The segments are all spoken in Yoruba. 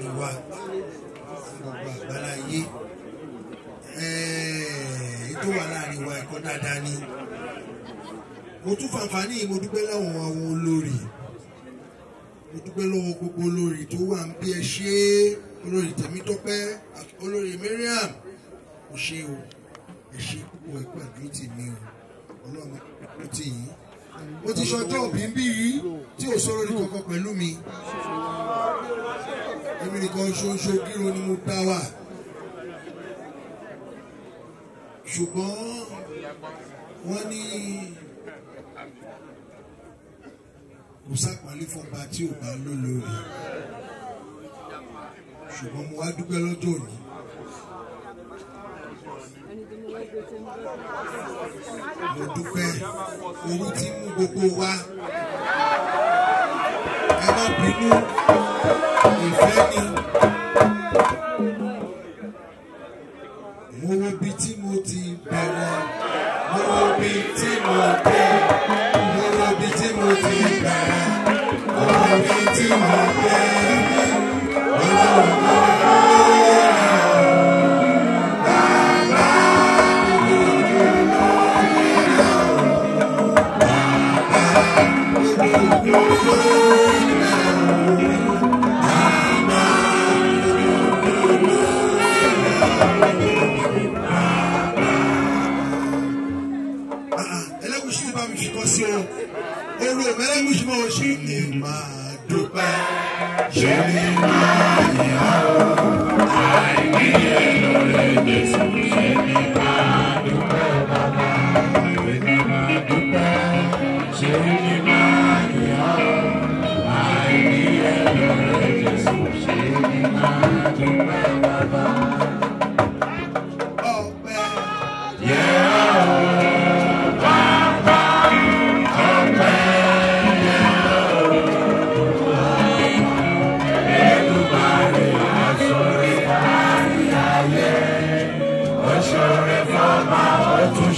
ìwà gbogbo àgbáláyé tó wà láàrin wa ẹ̀kọ́ dáadáa ni mo tún fàǹfààní mo dúpẹ́ láwọn àwọn olórí mo dúpẹ́ lọ́wọ́ gbogbo olórí tó wà ń bí ẹ ṣe olórí Tẹ̀mítọ́pẹ́ olórí Mariam kò ṣe o ẹ ṣe púpọ̀ ẹ pàdé tèmi o ọlọ́run kò tì yín mo ti ṣọjọ́ òbí bí yìí tí ò sọ̀rọ̀ ní kankan pẹ̀lú mi èmi nìkan ṣoṣo gírò ni mo dá wà ṣùgbọ́n wọ́n ní kò sápàlẹ́ fọba tí ò bá lólórí ṣùgbọ́n mo wá dúpẹ́ lọ́jọ́ òní mo dúpẹ́ ooru ti mú gbogbo wa ẹ má bínú ìfẹ́. bá mi fi kọ́ sí o ẹrú ìmẹ́lẹ́ mi ti mọ̀ ọ́ ni màá dúpẹ́ ṣé ni màá yà ó àìní ẹ̀ lọ́rẹ́ Jésù ṣé ni màá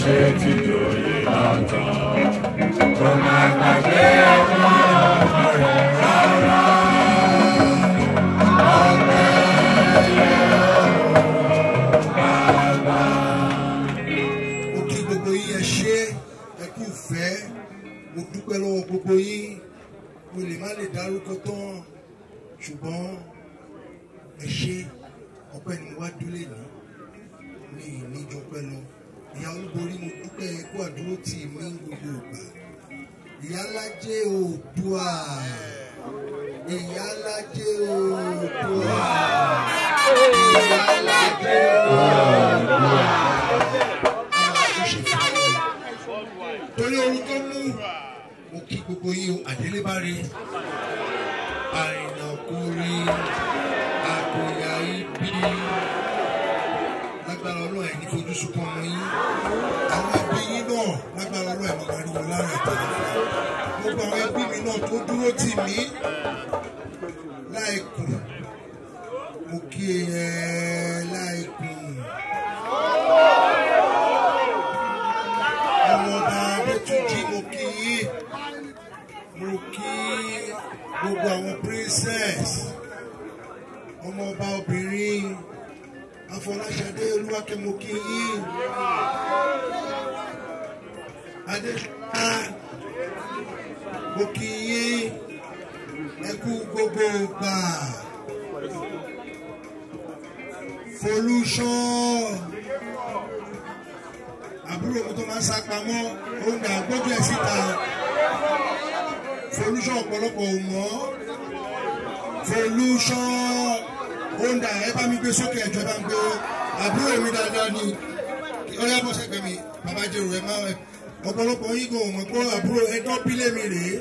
ṣe ti lóye àtàn. Kò má gbàgbé ọmọ ọmọ rẹ̀ rárá. Ọpẹ́ yẹ o bàbá. Mo kí gbogbo yín ẹ ṣé ẹ kú fẹ́. Mo dúpẹ́ lọ́wọ́ gbogbo yín. Mo lè má lè dárúkọ tán ṣùgbọ́n ẹ ṣé ọpẹ́ ni wá dúlé ní mi ìníjọpẹ́ lọ ìyá olúborí mo dúpẹ́ ikú àdúró tì mí gbogbo ìgbà ìyá alájẹ òdùà ìyá alájẹ òdùà ìyá alájẹ òdùà. torí orúkọ mú mo kí gbogbo yín àdélébárí àrìnà kúrin àkòyà ibi lágbára ọlọ́run ẹ̀ ní fojú sunkún ọmọ yín láàárọ̀ ẹ̀ mo pariwo láàárọ̀ ẹ̀ gbogbo àwọn ẹbí mi náà tó dúró tì mí láìkùn mo kí ẹ láìkùn. àwọn ọba abẹ́tújì mo kí mo kí gbogbo àwọn princess ọmọọba obìnrin Afọláṣadé Olúwakẹ́mi mo kí yí. Adéṣọlá mo kí yín ẹ kú gbogbo gbà Folúṣọ́ àbúrò mi tó máa ń sá pamọ́ òun náà ẹ̀ síta Folúṣọ́ ọ̀pọ̀lọpọ̀ ò mọ́ Folúṣọ́ òun ẹ bá mi gbé sókè ẹ̀jọ̀ bá ń gbé àbúrò mi dáadáa ni ọlọ́yàbọ̀ sẹ́gbẹ̀ẹ́ mi bàbá jẹ́rù ẹ̀ máa ẹ̀ ọ̀pọ̀lọpọ̀ yìí kò mọ̀ pé àbúrò ẹjọ́ bílẹ̀ mi rèé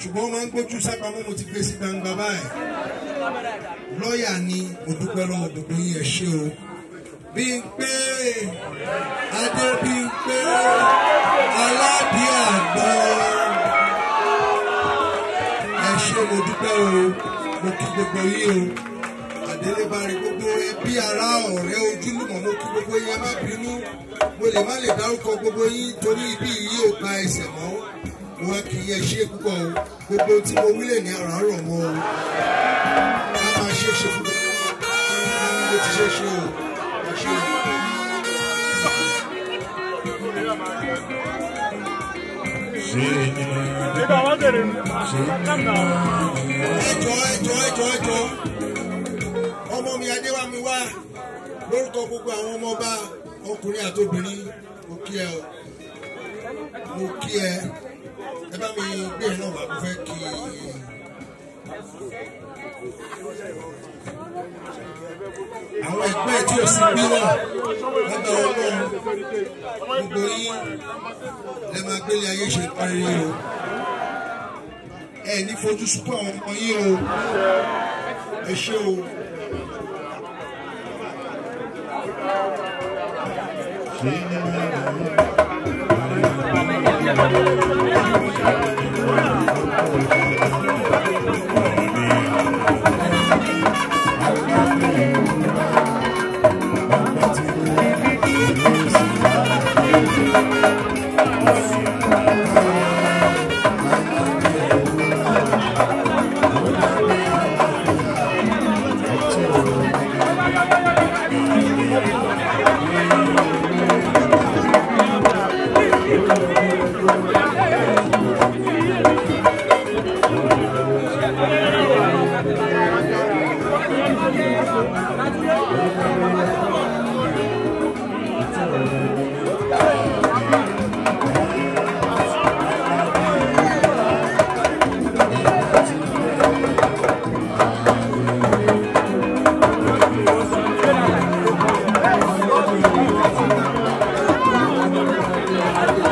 ṣùgbọ́n máa ń gbójú sápamọ́ mo ti gbé sí gbangba báyìí lọ́ọ̀yà ni mo dúpẹ́ lọ́wọ́ gbogbo yín ẹ ṣé o Bímpé Adébímpé Aládìàgbà ẹ ṣé mo o mo kí gbogbo yín o. Olódùmarè gbogbo ẹbí ará ọ̀rẹ́ ojúlùmọ̀ mo kí gbogbo yín má bínú mo lè má lè dárúkọ gbogbo yín torí ibi yìí ò gba ẹsẹ̀ mọ́ wọn kì í yẹ ṣe púpọ̀ o gbogbo tí mo wílẹ̀ ní ara rọ̀ mọ́ o a máa ṣe ṣe fún mi mo ti ṣe ṣe o ẹ ṣe o. Ṣé ẹjọ́ ẹjọ́ ẹjọ́ ẹjọ́. orúkọ gbogbo àwọn ọmọ ọba ọkùnrin àti obìnrin mo kí ẹ o mo kí ẹ ẹ bá mi gbé náà wà mo fẹ́ kí ẹ. àwọn ẹgbẹ́ tí o sì gbé wà lábẹ́ ọlọ́run gbogbo yín lè máa gbélé ayé ṣe parí o ẹ ní fojú sunkún àwọn ọmọ yín o ẹ ṣé o. Thank you. 안내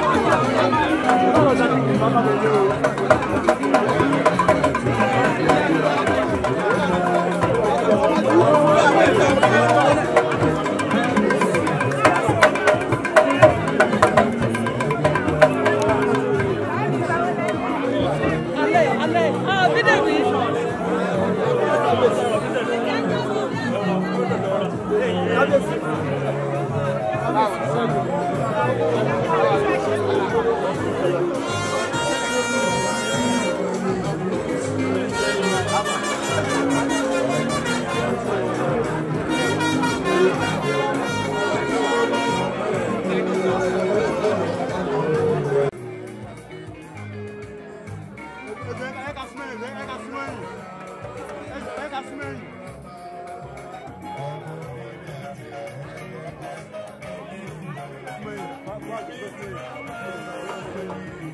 안내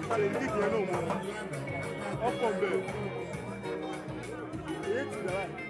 kalẹ̀ ní